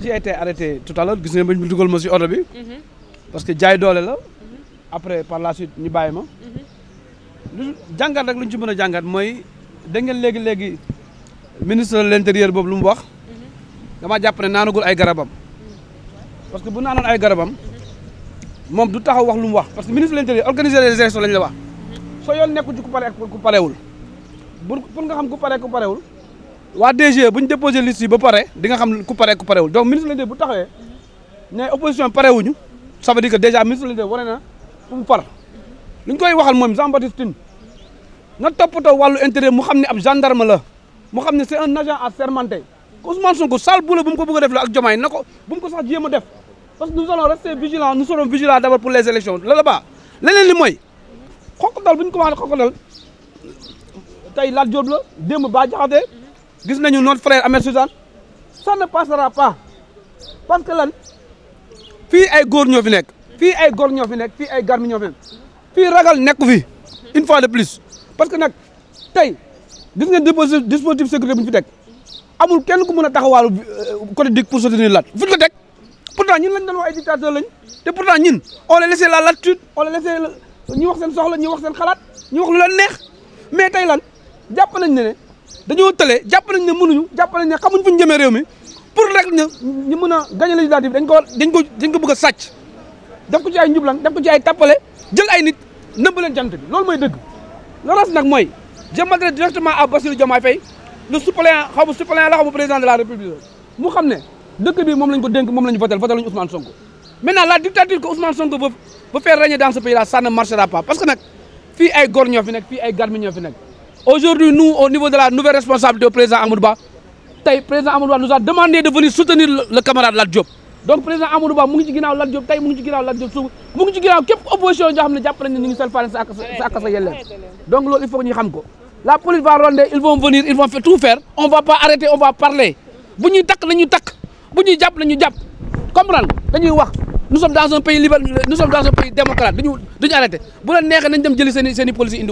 j'ai été arrêté tout à l'heure gis ngeen ba ñu dugal ma si oto bi. Mhm. parce que jaay doole la. après par la suite ñu bàyyi ma. Mhm. lu jàngat rek lu ñu ci mën a jàngat mooy da ngeen léegi léegi ministre de l'intérieur boobu lu mu wax. Mhm. dama jàpp ne naanagul ay garabam. parce que bu naanoon ay garabam moom du taxaw wax lu mu wax parce que ministre de l'intérieur organiser les élections lañ la wax. soo yoon nekkul ci ku pare ku parewul pour pour nga xam ku pare ku parewul. waa DG bu ñu déposé liste yi ba pare di xam ku pare ku parewul donc ministre de l'Intérieur bu taxawee ne opposition parewuñu ça veut dire que déjà ministre de l'Intérieur wane na fu mu par li ñu koy waxal moom Jean Baptiste Tine na toppatoo wàllu intérieur mu xam ne ab gendarme la mu xam ne c'est un agent assermenté Ousmane Sonko sale boulot bu mu ko bëgg a def la ak Diomaye na ko bu mu ko sax jéem a def parce que nous allons rester vigilants nous serons vigilants d'abord pour mooy xokk dal bu ñu commencé xokk dal tey Lat Diop la démb Bah Diakhaté gis nañu notre frère amee Suzanne ça ne passera pas parce que lan fii ay góor ñoo fi nekk fii ay góor ñoo fi nekk fii ay garmi ñoo fi nekk fii ragal nekk fi une fois de plus parce que nag tey gis ngeen dispositif sécurité bu ñu fi teg amul kenn ku mën a taxawaalu euh, côté DIC pour soutenir Lat fu ñu ko teg pourtant ñun lañ doon wax ay dictateur lañ te pourtant ñun on a laissé la latitude on a laissé ñu wax seen soxla ñu wax seen xalaat ñu wax lu neex mais tey lan jàpp nañ ne ne dañoo tële jàpp nañ ne mënuñu jàpp nañ ne xamuñ fu ñu jëmee réew mi pour rek ñu ñu mën a gagné législative dañ ko dañ ko dañ ko bëgg a sàcc def ko ci ay njublan def ko ci ay tappale jël ay nit nëbb leen jant bi loolu mooy dëgg le reste nag mooy je m'adresse directement à Bassirou Diomaye Faye le suppléant xaw ma suppléant la xaw président de la république mu xam ne dëkk bi moom lañ ko dénk moom lañu Ousmane Sonko maintenant que Ousmane Sonko veut veut nag fii ay góor ñoo fi garmi ñoo fi nekk Aujourd'hui, nous, au niveau de la nouvelle responsabilité du président Amourba, le président Amourba nous a demandé de venir soutenir le, camarade Ladjob. Donc, président Amourba, il est en Ladjob, il est en Ladjob, il est en Quelle opposition nous avons Donc, il faut que nous sachions. ne va pas arrêter, on va parler. Si nous tac, nous tac. Si nous japp, nous japp. Comprendre Nous wax. Nous sommes dans un pays libre, nous sommes dans arrêter. Si nous arrêtons, nous devons prendre les policiers.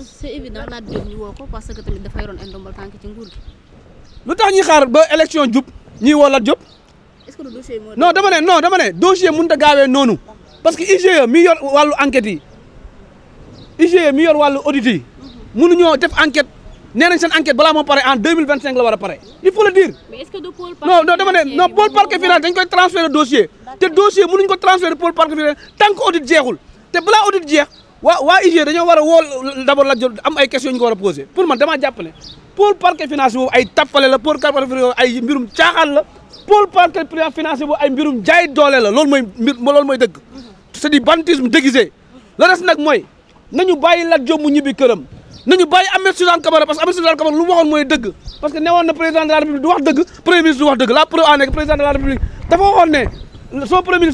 c' est évident parce que tamit dafa yoroon gi. lu tax ñuy xaar ba élection jub ñuy woo Lat Diop. est ce que dossier moo non dama ne non dama ne dossier mënut gaawee noonu parce que IGE mi yor wàllu enquête yi IGE mi yor wàllu audit yi mhm. mënuñoo def enquête. nee seen enquête balaa moo pare en deux mille vingt cinq la war a pare il faut le dire. mais dama ne non pôle parquet final dañ koy transférer dossier. te dossier mënuñ ko transférer pôle parquet final tant audit jeexul te balaa audit jeex. waa waa dañoo war a woo d' abord Lat Dior am ay questions yu ñu ko war a posé pour man damaa jàpp ne pôle parquet financier boobu ay mbirum caaxaan la pôle parquet financier boobu ay mbirum jaay doole la loolu mooy dëgg c'est du banditisme la des nag mooy nañu bàyyi Lat mu ñibbi këram nañu bàyyi Ahmed Suzanne Camara parce que Ahmed Suzanne Camara lu waxoon mooy dëgg parce que newoon na président de la république du wax dëgg premier ministre du wax dëgg la preuve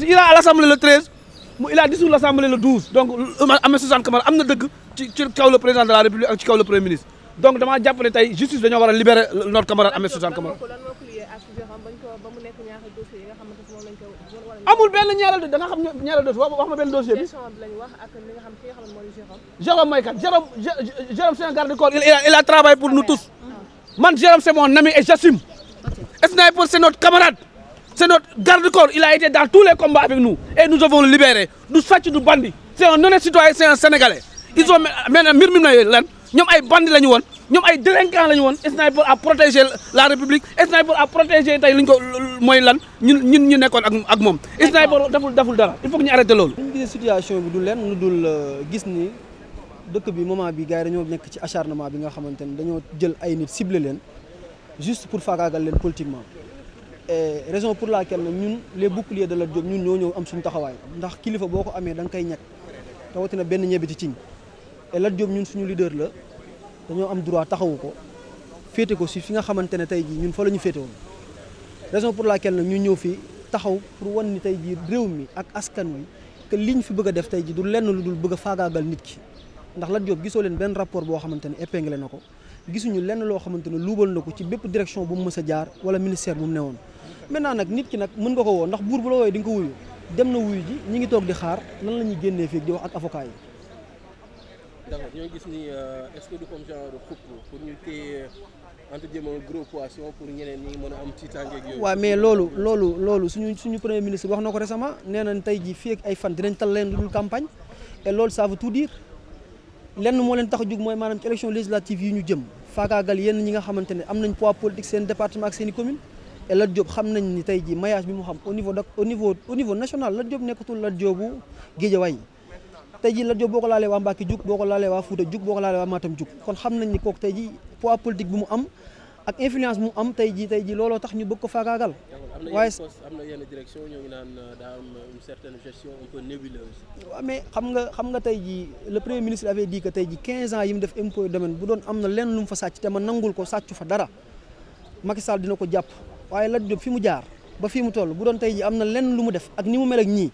mu il a dissous l'Assemblée le 12 donc am euh, na Suzanne Camara am na dëgg ci ci kaw le président de la République ak ci kaw le premier ministre donc damaa jàpp ne tey justice dañoo war a libérer notre camarade Ahmed Suzanne Camara amul benn ñaareel da nga xam ñaareel dossier wax ma benn dossier bi Jérôme mooy kan Jérôme Jérôme c'est un il a travaillé pour nous tous man Jérôme c'est mon ami et j'assume Sniper c'est notre camarade C'est garde-corps. Il a été dans tous les combats avec nous. Et nous avons le libéré. Nous sommes du bandit. C'est un honnête citoyen, c'est un Sénégalais. ay bandits lañu won ñom ay délinquants lañu won sniper à protéger la république sniper à protéger tay liñ ko moy lan ñun ñun ñu nekkoon ak ak mom sniper daful daful dara il faut que ñu arrêter lool ñu situation bi du len lu dul euh, gis ni dëkk bi moment bi gars yi dañoo nekk ci acharnement bi nga xamante ne dañoo jël ay nit ciblé leen juste pour faagaagal leen politiquement Euh, raison pour laquelle nag ñun les boucliers de Lat Diop ñun ñoo ñëw am suñu taxawaay ndax kilifa boo ko amee da nga koy ñàkk rawatina benn ñebe ci ciñ et Lat Diop ñun suñu leader la dañoo am droit taxawu ko féete ko si fi nga xamante ne tey jii ñun fa la ñu féete woon raison pour laquelle nag ñu ñëw fii taxaw pour wan ni tey jii réew mi ak askan wi que ñu fi bëgg def tey jii du lenn lu dul bëgg a faagaagal nit ki ndax Lat Diop gisoo leen benn rapport boo xamante ne épinglé na ko gisuñu lenn loo xamante ne luubal na ko ci bépp direction bu mu mës a jaar wala ministère bu mu newoon maintenant nag nit ki nag mën nga ko woo ndax buur bu la wooyee di ko wuyu dem na wuyu ji ñu ngi toog di xaar nan la ñuy génnee fii di wax ak avocat yi. d'accord gis ni euh, est-ce que pour ñu téye entre guillemets gros poisson pour ñeneen ñi mën am tiitaange ak yooyu. waaw mais loolu loolu loolu suñu suñu premier ministre wax na ko récemment nee nañ tey jii fii ay fan dinañ tal leen dul campagne te loolu ça veut tout dire. lenn moo leen tax a jug mooy maanaam ci élection législative yi ñu jëm faagaagal yenn ñi nga xamante ne am nañ poids politique seen département ak seen i commune et Lat Diop xam nañ ni tey ji maillage bi mu xam au niveau au niveau au niveau national Lat Diop nekkatul Lat Diop bu Guédiawaye tey ji Lat Diop boo ko laalee waa Mbacké jug boo ko laalee waa Fouta jug boo ko laalee waa Matam jug kon xam nañ ni kooku tey ji poids politique bi mu am ak influence mu am tey jii tey jii looloo tax ñu bëgg ko faagaagal. waaye na yenn direction ñu ngi naan euh, daa am une certaine gestion xam nga xam nga tey jii le premier ministre avait dit que tey jii ans yi mu def impôt domaine bu doon am na lenn lu mu fa sàcc te ma nangul ko sàccu fa dara Macky Sall dina ko jàpp waaye la Diop fi mu jaar ba fi mu toll bu doon tey jii am na lenn lu mu def ak ni mu mel ak ñii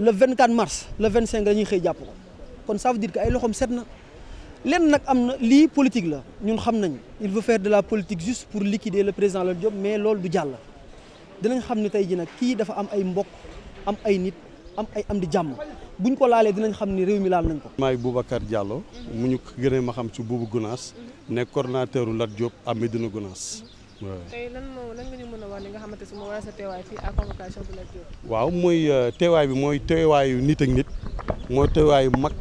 le 24 mars le 25 la ñuy xëy jàpp ko kon ça dire que ay loxoom set na. lenn nag am na lii politique la ñun xam nañ il veut faire de la politique juste pour liquider le président Lat Diop mais loolu du jàll dinañ xam ne tey ji nag kii dafa am ay mbokk am ay nit am ay am di jàmm buñ ko laalee dinañ xam ni réew mi laal nañ ko. maay Boubacar Diallo mu ñu gënee ma xam ci Boubou Gounass nekk coordonnateur u Lat Diop à Médina Gounass. waaw mën a wax li nga xamante su ma war sa teewaay waaw mooy euh, teewaay bi mooy teewaayu nit ak nit mooy teewaayu mag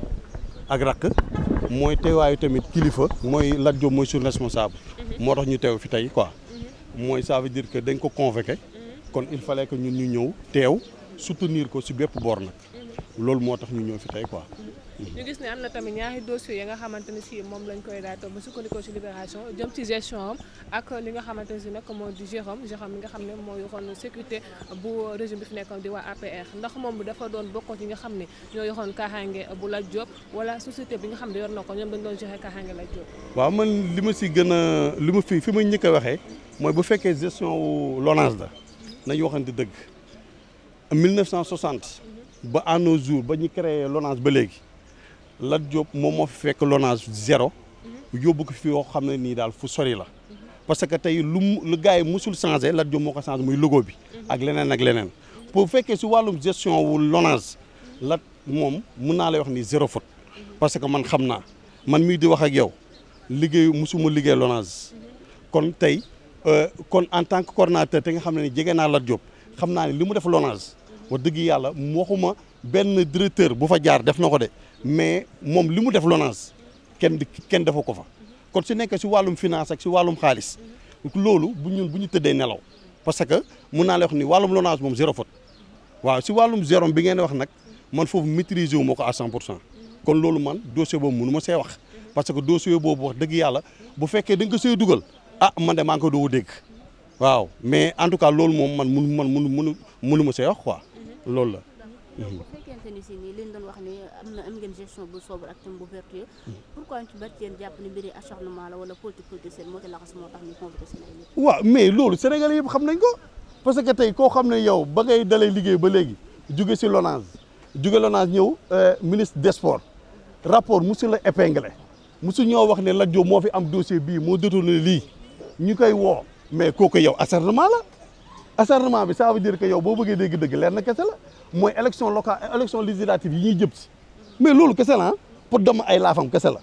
ak rakk. mooy teewaayu tamit kilifa mooy Lat Diop mooy suñu responsable moo tax ñu teew fi tey quoi mooy ça veut que dañ ko convoqué mhm. kon il fallait que ñun ñu ñëw teew soutenir ko si bépp boor nag loolu moo tax ñu ñëw fi tey quoi. ñu gis ne am na tamit ñaari dossiers yi nga xamante ne si moom lañ koy daal toog ba sukkandikoo si libération jëm ci gestion ak li nga xamante ne si nag moo di Jérôme Jérôme mi nga xam ne moo yoxoon sécurité bu régime bi fi nekkoon di waa APR ndax moom dafa doon bokkoo ci nga xam ne ñoo yoroon kaaraange bu Lat Diop wala société bi nga xam ne yor na ko ñoom dañ doon joxe kaaraange Lat Diop. waaw man li ma si gën a li ma fi fi ma njëkk a waxee mooy bu fekkee gestion wu LONASE la nañu waxante dëgg 1960. ba à nos jour ba ñu créé Lonase ba léegi Lat Diop moom moo fekk Lonase zéro mhm. yóbbu ko fi yoo xam ne nii daal fu sori la mhm. parce que tey lu lu gars yi musul changé Lat Diop ko changé muy logo bi mhm. ak leneen ak leneen pour fekkee si wàllum gestion wu Lonase Lat moom mun naa lay wax ni zéro faute parce que man xam naa man mii di wax ak yow liggéey musuma liggéey Lonase kon tey euh, kon en tant que coordonnateur te nga xam ne jege naa Lat Diop xam naa ne li mu def Lonase wax dëgg yàlla mu waxuma benn directeur bu fa jaar def na ko de mais moom li mu def LONASE kenn kenn defu ko fa kon si nekkee si wàllum finance ak si wàllum xaalis loolu bu ñun bu ñu tëddee nelaw parce que mun naa la wax ni wàllum LONASE moom zéro faute waaw si wàllum zéro bi ngeen wax nag man foofu maîtriser wu ma ko à 100 pour cent kon loolu man dossier boobu mënu ma see wax parce que dossier boobu wax dëgg yàlla bu fekkee da ko see dugal ah man de maa a dégg waaw mais en tout cas loolu moom man mënu man mënu mënu mënu see wax quoi. loolu la. bu fekkente ni si nii doon wax ni am na am ngeen gestion bu sobre ak tam bu vertueux hmm. pourquoi ñu ci bari jàpp ni mbiri acharnement la wala politique politicienne moo ci laxas moo tax ñu convoqué seen ay nit. waaw mais loolu Sénégalais yëpp xam nañ ko parce que tey koo xam ne yow ba ngay dalay liggéey ba léegi jóge si Lonase jóge Lonase ñëw euh, ministre des sports rapport musu la épinglé ñoo wax ne la Diop moo fi am dossier bii moo détourné lii ñu koy woo mais kooku yow acharnement la. acharnement bi ça veut dire que yow boo bëggee dégg dëgg leer na kese la mooy élection locale élection législative yi ñuy jëm si mais loolu kese la pour dem ay laafam kese la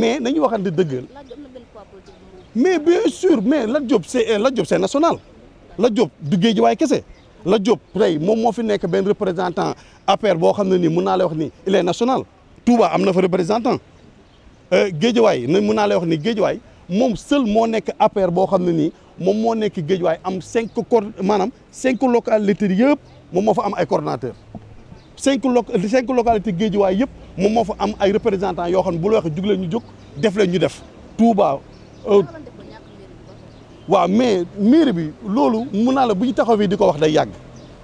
mais nañu waxante dëgg mais bien sûr mais Lat job c'est euh, Lat Diop c'est national Lat Diop du Guédiawaye kese la Diop tey moom moo fi nekk benn représentant APR boo xam ne nii mun naa lay wax ni il est national Touba am na fa représentant euh, Guédiawaye na mun naa lay wax ni Guédiawaye moom seul moo nekk APR boo xam ne nii moom moo nekk géej Guédiawaye am cinq cor maanaam cinq localités yëpp moom moo fa am ay coordonnateurs cinq lo cinq localités waay yëpp moom moo fa am ay représentant yoo xam ne bu la waxee jug ñu jóg def leen ñu def Touba. Euh, waaw mais mairie bi loolu mun naa la bu ñu taxawee di ko wax day yàgg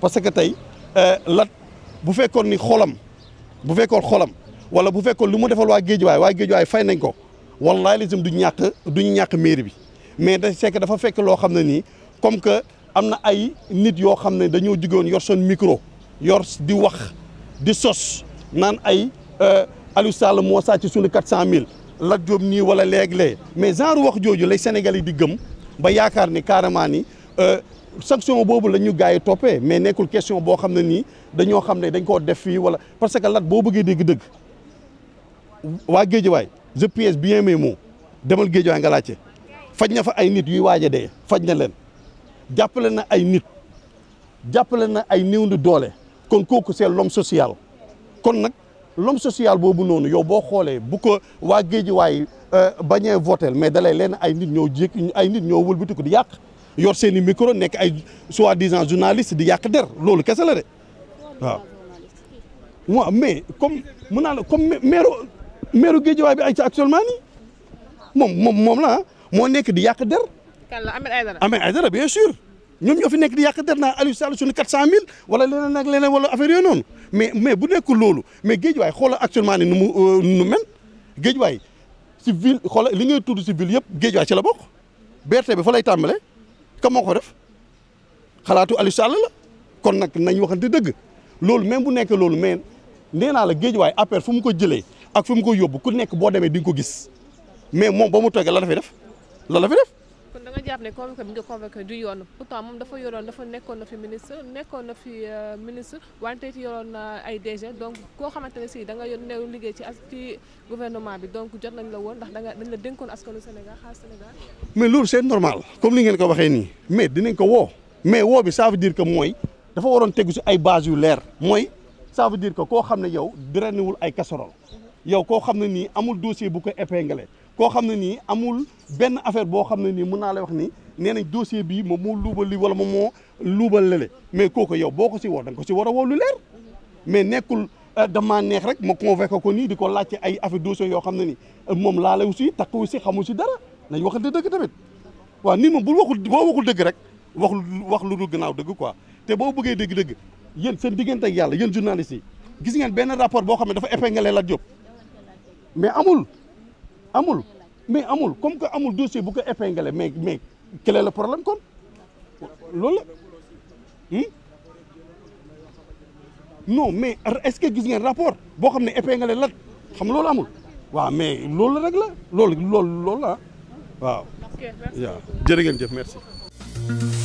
parce que tey euh, lat bu fekkoon ni xolam bu fekkoon xolam wala bu fekkoon lu mu defal waa Guédiawaye waa waay fay nañ ko wallaay lazim du ñàkk du ñu ñàkk mairie bi. mais da sekk dafa fekk loo xam ne nii comme que am na ay nit yoo xam ne dañoo jugoon yor seen micro yor di wax di sos naan ay euh, Aliou Sall moo sàcc suñu quatre cent mille Lat Diop nii wala léeg mais genre wax jooju lay Sénégal yi di gëm ba yaakaar ni carrément ni euh, sanction boobu la ñu gars yi toppee mais nekkul question boo xam ne nii dañoo xam ne dañ koo def fii wala parce que Lat boo bëggee dégg-dëgg waa Géejawaay je pèse bien mes mots demal Géejawaay nga laajte faj na fa ay nit yuy waaj de dee faj na leen jàppale na ay nit jàppale na ay néew doole kon kooku c'est l'homme social kon nag l'homme social boobu noonu yow boo xoolee bu ko waa géej waay euh, bañee votel mais dalay leen ay nit ñoo jékk ay nit ñoo wëlbatiku di yàq yor seeni i micro nekk ay soi-disant journaliste di yàq der loolu kese la de waaw waaw mais comme mun naa la comme maire maire géej waay bi ay ci actuellement nii moom moom moom la ah. moo nekk di yàq der. kan la Ahmed Aïdara Ahmed Aïdara bien sûr ñoom ñoo fi nekk di yàq der naa Aliou Sall suñu 400000 wala leneen ak leneen wala affaire yooyu noonu mais mais bu nekkul loolu mais géejuwaay xoolal actuellement ni nu mu euh, nu mel géejuwaay ci ville li ngay tudd ci ville yëpp géejuwaay ci la bokk BRT bi fa lay tàmbalee ka moo ko def xalaatu Aliou Sall kon nag nañ waxante dëgg loolu même bu nekkee loolu mais nee naa la géejuwaay APR fu mu ko jëlee ak fu mu ko yóbbu ku nekk boo demee di ko gis mais moom ba mu toogee la dafay def. loolu la fi def. kon da nga ne convoqué bi nga convoqué du yoon pourtant moom dafa yoroon dafa nekkoon na fi ministre nekkoon na fi euh, ministre wante it yoroon ay DG donc koo xamante ne si danga nga yor néew liggéey ci as ci bi donc jot nañ la woon ndax da dañ la dénkoon askanu Sénégal xaar Sénégal. mais loolu c'est normal comme li ngeen ko waxee nii mais dinañ ko woo mais woo bi ça veut dire que mooy dafa waroon tegu si ay base yu leer mooy ça veut dire que koo xam ne yow drainewul ay casserole yow koo xam ne nii amul dossier bu ko épinglé. koo xam ne nii amul benn affaire boo xam ne nii mën naa lay wax ni nee nañ dossier bii moom moo luubal lii wala moom moo luubal le mais kooku yow boo ko si woo da ko si war a woo lu mais nekkul euh, damaa neex rek ma convoqué ko nii di ko laajte ay affaire dossier yoo xam ne ni euh, moom laa lay aussi takku si xamu si dara nañ wax dëgg tamit waaw nit moom bu waxul boo waxul dëgg rek wax wax lu dul gannaaw dëgg quoi te boo bëggee dëgg-dëgg yéen seen diggante ak yàlla yéen journalistes yi gis ngeen benn rapport boo xam ne dafa épinglé la Diop mais amul amul mais amul comme que amul dossier bu ko épinglé mais mais quel est le problème kon loolu la hmm? non mais est-ce que gis ngeen rapport boo xam ne épinglé lat xam loolu amul waaw mais loolu rek la loolu loolu la waaw. jërë ngeen jëf merci.